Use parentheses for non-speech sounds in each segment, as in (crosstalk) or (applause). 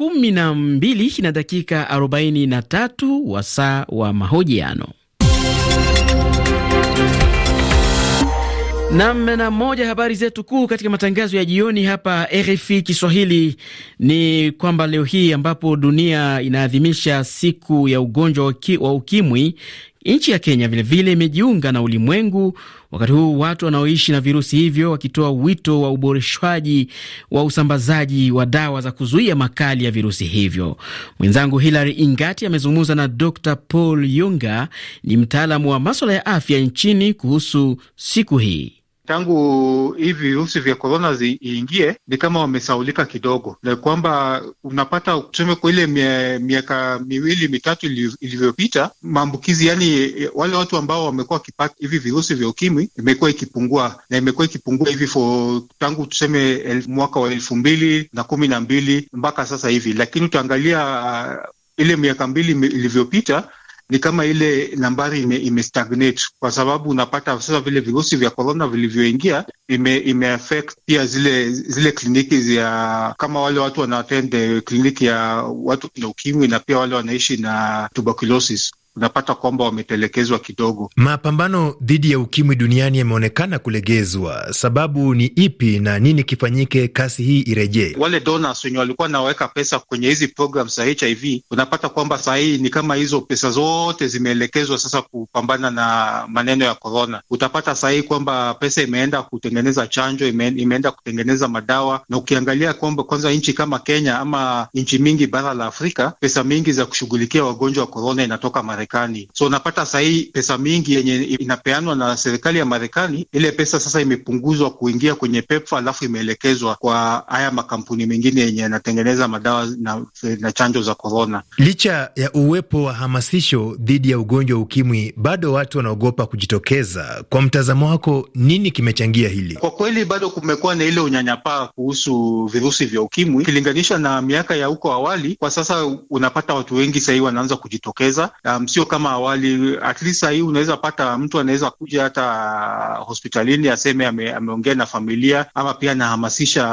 kumi na mbili na dakika arobaini na tatu wasaa wa mahojiano nam na moja. Habari zetu kuu katika matangazo ya jioni hapa RFI Kiswahili ni kwamba leo hii ambapo dunia inaadhimisha siku ya ugonjwa wa ukimwi, nchi ya Kenya vilevile imejiunga na ulimwengu wakati huu watu wanaoishi na virusi hivyo wakitoa wito wa uboreshwaji wa usambazaji wa dawa za kuzuia makali ya virusi hivyo. Mwenzangu Hilary Ingati amezungumza na Dr Paul Yunga, ni mtaalamu wa maswala ya afya nchini kuhusu siku hii tangu hivi virusi vya korona ziingie ni kama wamesaulika kidogo, na kwamba unapata tuseme kwa ile miaka miwili mitatu ilivyopita maambukizi, yani wale watu ambao wamekuwa wakipata hivi virusi vya ukimwi imekuwa ikipungua na imekuwa ikipungua hivi for tangu tuseme mwaka wa elfu mbili na kumi na mbili mpaka sasa hivi, lakini utaangalia ah, ile miaka mbili ilivyopita ni kama ile nambari ime, ime stagnate kwa sababu unapata sasa vile virusi vya korona vilivyoingia ime, ime affect pia zile zile kliniki za kama wale watu wanaatende eh, kliniki ya watu na ukimwi na pia wale wanaishi na tuberculosis unapata kwamba wametelekezwa kidogo. Mapambano dhidi ya ukimwi duniani yameonekana kulegezwa, sababu ni ipi na nini kifanyike kasi hii irejee? Wale donors wenye walikuwa naweka pesa kwenye hizi program za HIV unapata kwamba sahii ni kama hizo pesa zote zimeelekezwa sasa kupambana na maneno ya korona. Utapata sahii kwamba pesa imeenda kutengeneza chanjo, ime, imeenda kutengeneza madawa, na ukiangalia kwamba kwanza nchi kama Kenya ama nchi mingi bara la Afrika, pesa mingi za kushughulikia wagonjwa wa korona inatoka mara Marekani. So unapata sahii pesa mingi yenye inapeanwa na serikali ya Marekani, ile pesa sasa imepunguzwa kuingia kwenye PEPFAR, alafu imeelekezwa kwa haya makampuni mengine yenye yanatengeneza madawa na, na chanjo za korona. Licha ya uwepo wa hamasisho dhidi ya ugonjwa wa ukimwi, bado watu wanaogopa kujitokeza. Kwa mtazamo wako, nini kimechangia hili? Kwa kweli bado kumekuwa na ile unyanyapaa kuhusu virusi vya ukimwi ukilinganisha na miaka ya huko awali. Kwa sasa unapata watu wengi sahii wanaanza kujitokeza um, sio kama awali. At least sahii unaweza pata mtu anaweza kuja hata hospitalini aseme ame, ameongea na familia ama pia anahamasisha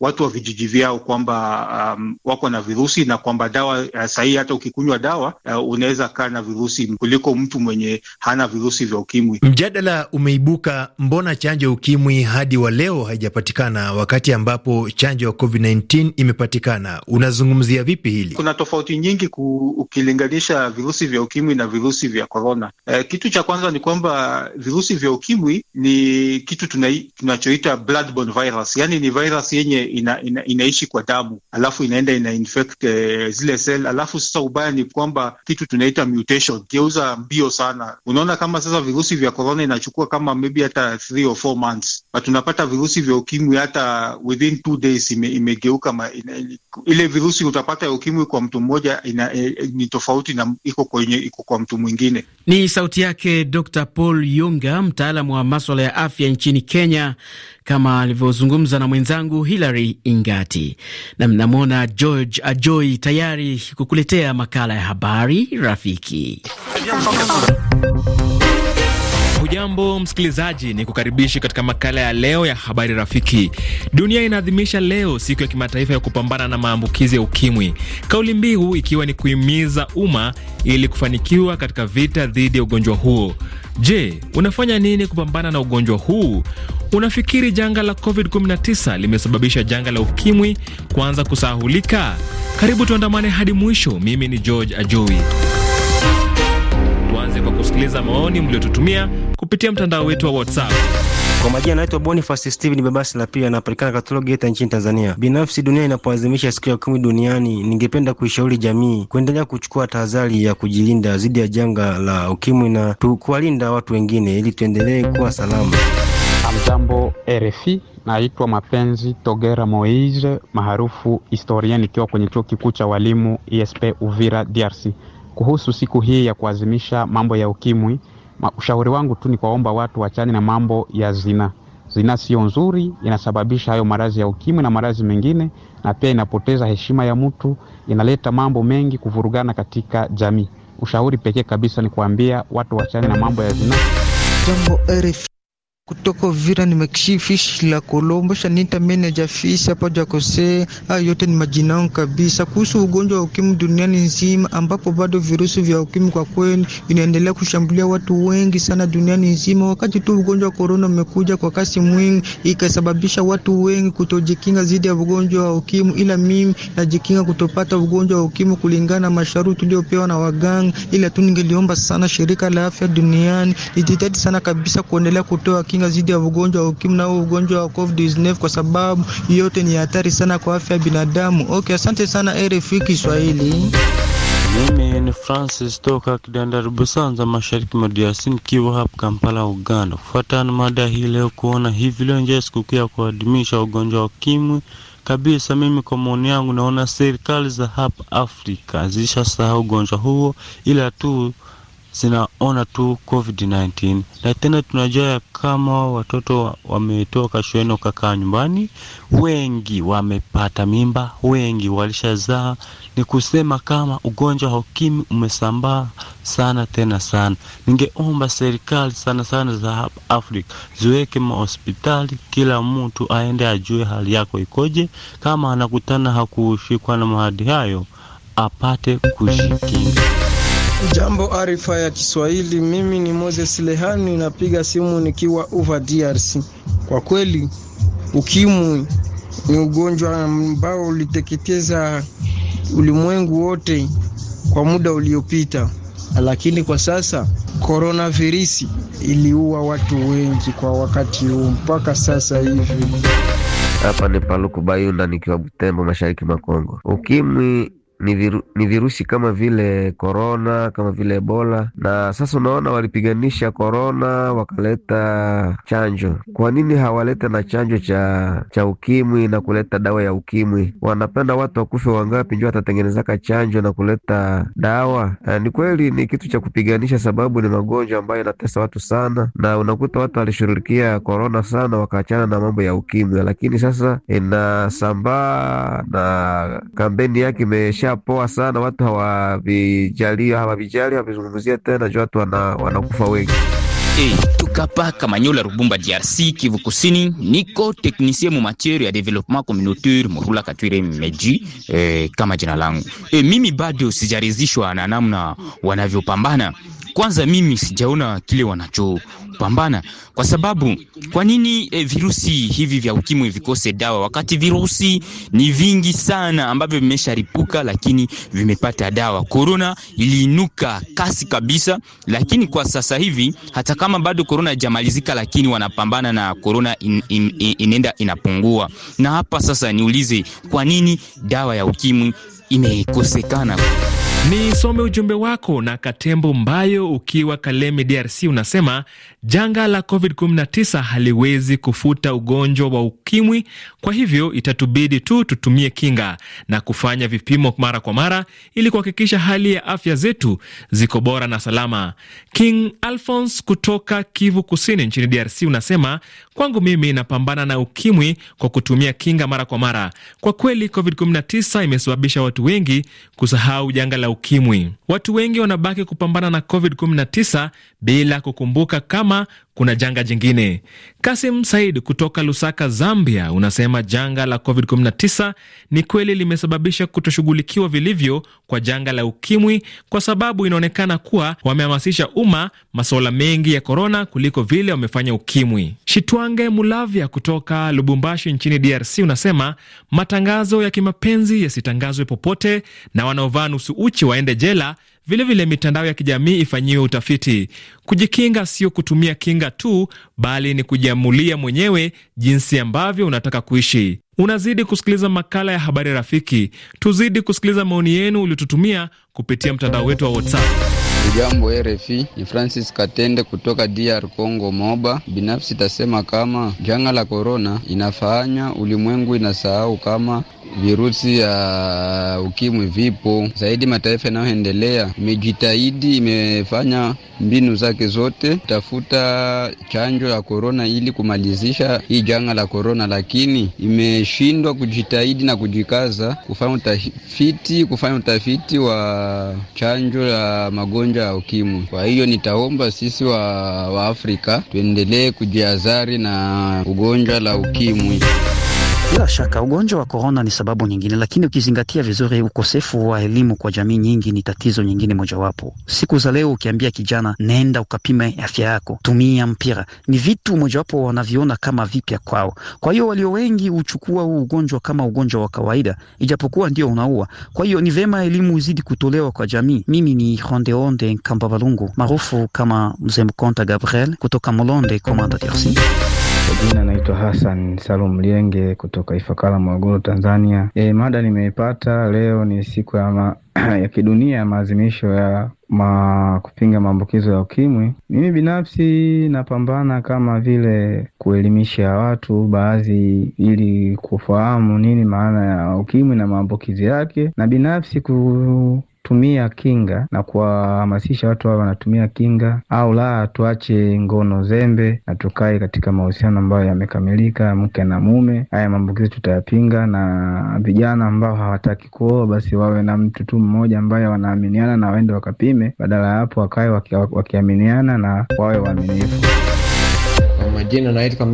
watu wa vijiji vyao kwamba um, wako na virusi na kwamba dawa uh, sahii hata ukikunywa dawa uh, unaweza kaa na virusi kuliko mtu mwenye hana virusi vya ukimwi. Mjadala umeibuka, mbona chanjo ya ukimwi hadi wa leo haijapatikana wakati ambapo chanjo ya COVID-19 imepatikana? Unazungumzia vipi hili? Kuna tofauti nyingi ku, ukilinganisha virusi virusi vya ukimwi na virusi vya korona. E, eh, kitu cha kwanza ni kwamba virusi vya ukimwi ni kitu tunachoita blood virus, yani ni virus yenye ina, ina, inaishi kwa damu alafu inaenda ina infect e, zile sel. Alafu sasa ubaya ni kwamba kitu tunaita mutation, geuza mbio sana. Unaona kama sasa virusi vya korona inachukua kama maybe hata three or four months, but tunapata virusi vya ukimwi hata within two days ime, imegeuka ma, ina, ile virusi utapata ya ukimwi kwa mtu mmoja e, ni tofauti na iko kwenye iko kwa mtu mwingine. Ni sauti yake Dr Paul Yunga, mtaalamu wa maswala ya afya nchini Kenya, kama alivyozungumza na mwenzangu Hilary Ingati. Na mnamwona George Ajoi tayari kukuletea makala ya habari rafiki Hujambo msikilizaji, ni kukaribishi katika makala ya leo ya habari rafiki. Dunia inaadhimisha leo siku ya kimataifa ya kupambana na maambukizi ya ukimwi, kauli mbiu ikiwa ni kuhimiza umma ili kufanikiwa katika vita dhidi ya ugonjwa huo. Je, unafanya nini kupambana na ugonjwa huu? Unafikiri janga la COVID-19 limesababisha janga la ukimwi kuanza kusahulika? Karibu tuandamane hadi mwisho. Mimi ni George Ajoi asante kwa kusikiliza maoni mliotutumia kupitia mtandao wetu wa WhatsApp. Kwa majina naitwa Boniface ni bebasi la pia anapatikana Katolo Geita nchini Tanzania. Binafsi, dunia inapoadhimisha siku ya ukimwi duniani, ningependa kuishauri jamii kuendelea kuchukua tahadhari ya kujilinda dhidi ya janga la ukimwi na kuwalinda watu wengine ili tuendelee kuwa salama. Mjambo RFI, naitwa Mapenzi Togera Moise maarufu historia, nikiwa kwenye chuo kikuu cha walimu ESP Uvira, DRC. Kuhusu siku hii ya kuadhimisha mambo ya ukimwi, ushauri wangu tu ni kuwaomba watu wachane na mambo ya zina. Zina sio nzuri, inasababisha hayo maradhi ya ukimwi na maradhi mengine, na pia inapoteza heshima ya mtu, inaleta mambo mengi kuvurugana katika jamii. Ushauri pekee kabisa ni kuambia watu wachane na mambo ya zina. Jambo RF kutoka Uvira fish la Kolombo shanita manager fish hapa jakose. Hayo yote ni majina yangu kabisa. Kuhusu ugonjwa wa ukimwi duniani nzima, ambapo bado virusi vya ukimwi kwa kweli vinaendelea kushambulia watu wengi sana duniani nzima. Wakati tu ugonjwa wa korona umekuja kwa kasi mwingi, ikasababisha watu wengi kutojikinga dhidi ya ugonjwa wa ukimwi, ila mimi najikinga kutopata ugonjwa wa ukimwi kulingana na mashauri tuliopewa na waganga. Ila tu ningeliomba sana shirika la afya duniani lijitahidi sana kabisa kuendelea kutoa kinga kujikinga dhidi ya ugonjwa wa ukimwi na ugonjwa wa COVID-19 kwa sababu yote ni hatari sana kwa afya ya binadamu. Okay, asante sana RFI Kiswahili. Mimi ni Francis toka Kidandari Busanza, mashariki mwa DRC, nikiwa hapa Kampala, Uganda. Kufuatana na mada hii leo, kuona hivi leo nje sikukuu ya kuadhimisha ugonjwa wa ukimwi kabisa. Mimi kwa maoni yangu, naona serikali za hapa Afrika zilishasahau ugonjwa huo, ila tu zinaona tu COVID-19, na tena tunajua ya kama watoto wametoka shuleni wakakaa nyumbani, wengi wamepata mimba, wengi walishazaa. Ni kusema kama ugonjwa wa ukimwi umesambaa sana tena sana. Ningeomba serikali sana sana za hapa Afrika ziweke mahospitali, kila mtu aende ajue hali yako ikoje, kama anakutana hakushikwa na mahadi hayo apate kushikinga. Jambo arifa ya Kiswahili, mimi ni Moses Lehani, napiga simu nikiwa Uva, DRC. Kwa kweli ukimwi ni ugonjwa ambao uliteketeza ulimwengu wote kwa muda uliopita, lakini kwa sasa koronavirusi iliua watu wengi kwa wakati huu mpaka sasa hivi. Hapa ni Paluku Bayunda nikiwa Butembo, mashariki mwa Kongo. Ukimwi ni, viru, ni virusi kama vile korona kama vile ebola, na sasa unaona walipiganisha korona wakaleta chanjo. Kwa nini hawalete na chanjo cha cha ukimwi na kuleta dawa ya ukimwi? Wanapenda watu wakufe wangapi njo watatengenezaka chanjo na kuleta dawa? Eh, ni kweli ni kitu cha kupiganisha, sababu ni magonjwa ambayo inatesa watu sana, na unakuta watu walishughulikia korona sana wakaachana na mambo ya ukimwi, lakini sasa inasambaa na kampeni yake imesha inaendelea poa sana, watu hawavijali, hawavijali, hawavizungumzia tena juu watu wanakufa wengi. Hey, tukapa Kamanyola, Rubumba, DRC, Kivu Kusini, niko technicien mu matière ya développement communautaire Murula Katwire Meji eh, kama jina langu eh, mimi bado sijarizishwa na namna wanavyopambana kwanza mimi sijaona kile wanachopambana kwa sababu kwa nini eh, virusi hivi vya ukimwi vikose dawa wakati virusi ni vingi sana ambavyo vimesharipuka lakini vimepata dawa. Korona iliinuka kasi kabisa, lakini kwa sasa hivi hata kama bado korona haijamalizika, lakini wanapambana na korona in, in, in, inapungua. Na hapa sasa niulize, kwa nini dawa ya ukimwi imekosekana? Nisome ujumbe wako na Katembo Mbayo ukiwa Kalemi, DRC, unasema janga la COVID-19 haliwezi kufuta ugonjwa wa ukimwi, kwa hivyo itatubidi tu tutumie kinga na kufanya vipimo mara kwa mara ili kuhakikisha hali ya afya zetu ziko bora na salama. King Alphons kutoka Kivu Kusini nchini DRC unasema kwangu mimi napambana na ukimwi kwa kutumia kinga mara kwa mara. Kwa kweli COVID-19 imesababisha watu wengi kusahau janga la ukimwi. Watu wengi wanabaki kupambana na COVID-19 bila kukumbuka kama kuna janga jingine. Kasim Said kutoka Lusaka, Zambia, unasema janga la COVID-19 ni kweli limesababisha kutoshughulikiwa vilivyo kwa janga la ukimwi, kwa sababu inaonekana kuwa wamehamasisha umma masuala mengi ya korona kuliko vile wamefanya ukimwi. Shitwange Mulavya kutoka Lubumbashi nchini DRC unasema matangazo ya kimapenzi yasitangazwe popote na wanaovaa nusu uchi waende jela Vilevile mitandao ya kijamii ifanyiwe utafiti. Kujikinga sio kutumia kinga tu, bali ni kujiamulia mwenyewe jinsi ambavyo unataka kuishi. Unazidi kusikiliza makala ya habari rafiki, tuzidi kusikiliza maoni yenu uliotutumia kupitia mtandao wetu wa WhatsApp. Ujambo RFI ni Francis Katende kutoka DR Congo Moba. Binafsi tasema kama janga la korona inafanya ulimwengu inasahau kama virusi ya ukimwi vipo zaidi. Mataifa yanayoendelea imejitahidi, imefanya mbinu zake zote tafuta chanjo ya korona ili kumalizisha hii janga la korona, lakini imeshindwa kujitahidi na kujikaza kufanya utafiti, kufanya utafiti wa chanjo ya magonjwa ugonjwa wa ukimwi. Kwa hiyo nitaomba sisi wa, wa Afrika tuendelee kujiazari na ugonjwa la ukimwi. Bila shaka ugonjwa wa korona ni sababu nyingine, lakini ukizingatia vizuri, ukosefu wa elimu kwa jamii nyingi ni tatizo nyingine mojawapo. Siku za leo ukiambia kijana nenda ukapime afya yako, tumia mpira, ni vitu mojawapo wanaviona kama vipya kwao. Kwa hiyo walio wengi huchukua huu ugonjwa kama ugonjwa wa kawaida, ijapokuwa ndio unaua. Kwa hiyo ni vema elimu izidi kutolewa kwa jamii. Mimi ni Rondeonde Kambabalungu maarufu kama Mzee Mkonta Gabriel kutoka Molonde, Komanda DRC. Kwa jina naitwa Hassan Salum Lienge kutoka Ifakara, Morogoro, Tanzania. E, mada nimeipata leo ni siku ya, ma, (clears throat) ya kidunia ya maadhimisho ya ma kupinga maambukizo ya ukimwi. Mimi binafsi napambana kama vile kuelimisha watu baadhi, ili kufahamu nini maana ya ukimwi na maambukizi yake, na binafsi ku tumia kinga na kuwahamasisha watu wawe wanatumia kinga, au la tuache ngono zembe na tukae katika mahusiano ambayo yamekamilika, mke na mume. Haya maambukizi tutayapinga, na vijana ambao hawataki kuoa basi wawe na mtu tu mmoja ambaye wanaaminiana na waende wakapime, badala ya hapo wakae wakiaminiana na wawe waaminifu. Kwa majina naitwa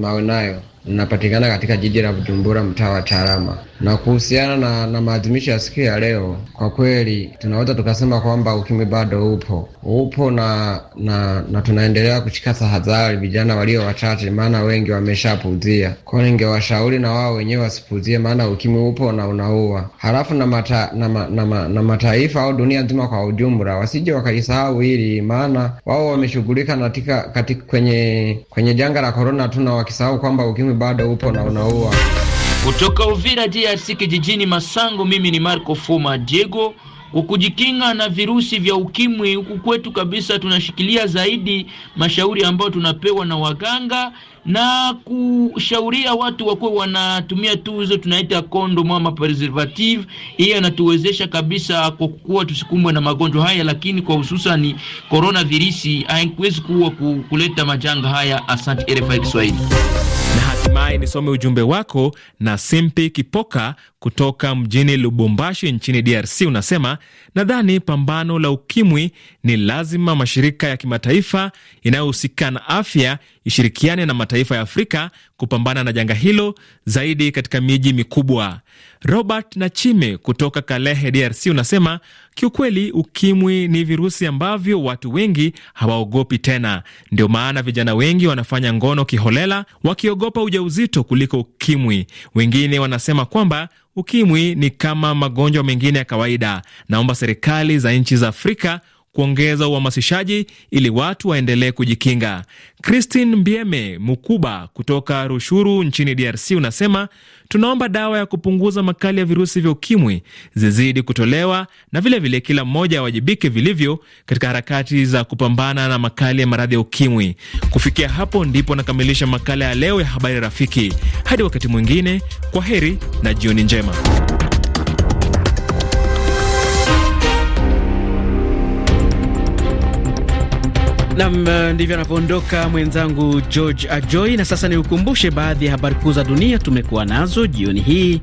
Mawenayo. Ninapatikana katika jiji la Bujumbura, mtaa wa Tarama. Na kuhusiana na, na maadhimisho ya siku ya leo, kwa kweli tunaweza tukasema kwamba ukimwi bado upo upo na na, na tunaendelea kushika tahadhari, vijana walio wachache, maana wengi wameshapuzia Kwa hiyo ningewashauri na wao wenyewe wasipuzie maana ukimwi upo na unaua. Halafu na, mata, na, ma, na, ma, na mataifa au dunia nzima kwa ujumla wasije wakalisahau hili, maana wao wameshughulika katika, kwenye kwenye janga la korona, tuna wakisahau kwamba ukimwi Sudan bado upo na unaua. Kutoka Uvira DRC kijijini Masango, mimi ni Marco Fuma Diego. kujikinga na virusi vya ukimwi huku kwetu kabisa, tunashikilia zaidi mashauri ambayo tunapewa na waganga na kushauria watu wakuwe wanatumia tu hizo tunaita kondom ama preservative. Hii inatuwezesha kabisa kwa kuwa tusikumbwe na magonjwa haya, lakini kwa hususani corona virusi haikuwezi kuwa kuleta majanga haya. Asante RFI Kiswahili. Hatimaye nisome ujumbe wako na Simpi Kipoka kutoka mjini Lubumbashi nchini DRC. Unasema, nadhani pambano la ukimwi ni lazima mashirika ya kimataifa yanayohusika na afya ishirikiane na mataifa ya Afrika kupambana na janga hilo zaidi katika miji mikubwa. Robert Nachime kutoka Kalehe, DRC, unasema kiukweli, ukimwi ni virusi ambavyo watu wengi hawaogopi tena. Ndio maana vijana wengi wanafanya ngono kiholela, wakiogopa ujauzito kuliko ukimwi. Wengine wanasema kwamba ukimwi ni kama magonjwa mengine ya kawaida. Naomba serikali za nchi za Afrika kuongeza uhamasishaji ili watu waendelee kujikinga. cristin Mbieme Mukuba kutoka Rushuru nchini DRC unasema tunaomba dawa ya kupunguza makali ya virusi vya ukimwi zizidi kutolewa na vilevile vile kila mmoja awajibike vilivyo katika harakati za kupambana na makali ya maradhi ya ukimwi. Kufikia hapo ndipo nakamilisha makala ya leo ya habari rafiki. Hadi wakati mwingine, kwa heri na jioni njema. Nam, eh, ndivyo anavyoondoka mwenzangu George Ajoi. Na sasa niukumbushe baadhi ya habari kuu za dunia tumekuwa nazo jioni hii.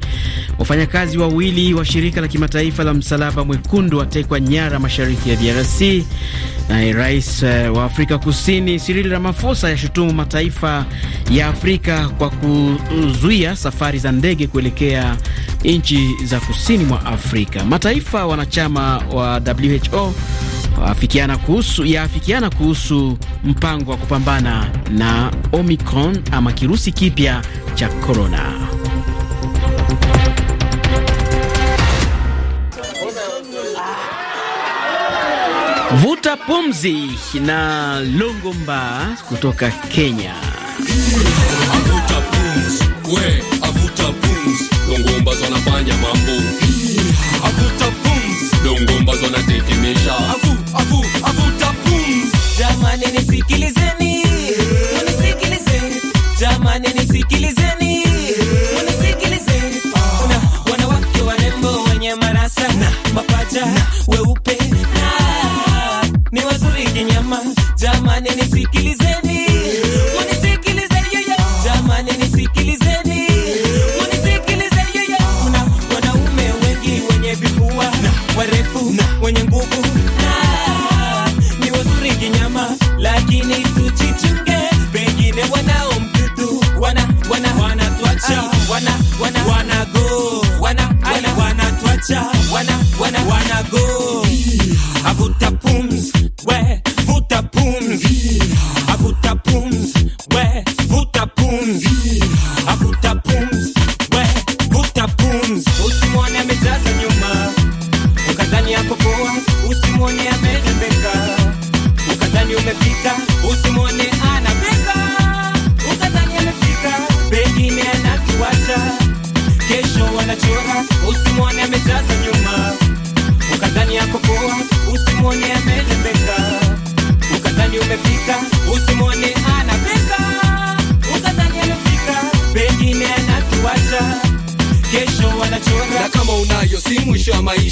Wafanyakazi wawili wa shirika la kimataifa la msalaba mwekundu watekwa nyara mashariki ya DRC. Naye rais eh, wa Afrika Kusini Cyril Ramaphosa yashutumu mataifa ya Afrika kwa kuzuia safari za ndege kuelekea nchi za kusini mwa Afrika. Mataifa wanachama wa WHO afikiana kuhusu, yaafikiana kuhusu mpango wa kupambana na Omicron ama kirusi kipya cha korona. Vuta pumzi na Longomba kutoka Kenya. Avuta pumzi, we, avuta pumzi, Longomba mambo. Avuta pumzi, Longomba abu abu taboom, jamani nisikilize wanatuacha wana wana wana go wana wana wanatuacha wana wana wana go avuta pumzi we vuta pumzi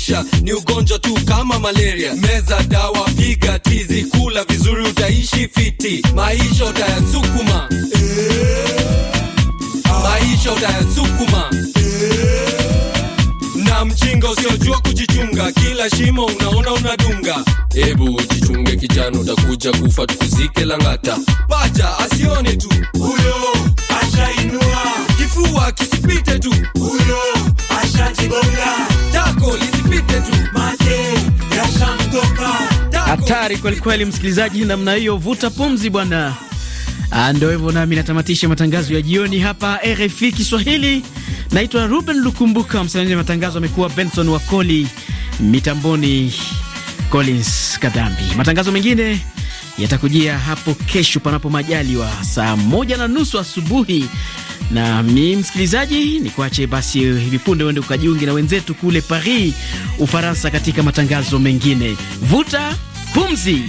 maisha ni ugonjwa tu kama malaria. Meza dawa, piga tizi, kula vizuri, utaishi fiti, maisha utayasukuma, maisha utayasukuma na mjinga usiojua kujichunga, kila shimo unaona unadunga. Hebu jichunge kijana, utakuja kufa, tukuzike Lang'ata. Pacha asione tu huyo, achainua kifua kisipite tu hatari kwelikweli, msikilizaji, namna hiyo, vuta pumzi bwana. Ah, ndio hivyo, nami natamatisha matangazo ya jioni hapa RFI Kiswahili. Naitwa Ruben Lukumbuka, msimamizi wa matangazo amekuwa Benson Wakoli, mitamboni Collins Kadambi. Matangazo mengine yatakujia hapo kesho, panapo majaliwa, saa moja na nusu asubuhi. Na mi msikilizaji, ni kuache basi hivi punde uende ukajiungi na wenzetu kule Paris, Ufaransa, katika matangazo mengine. Vuta Pumzi.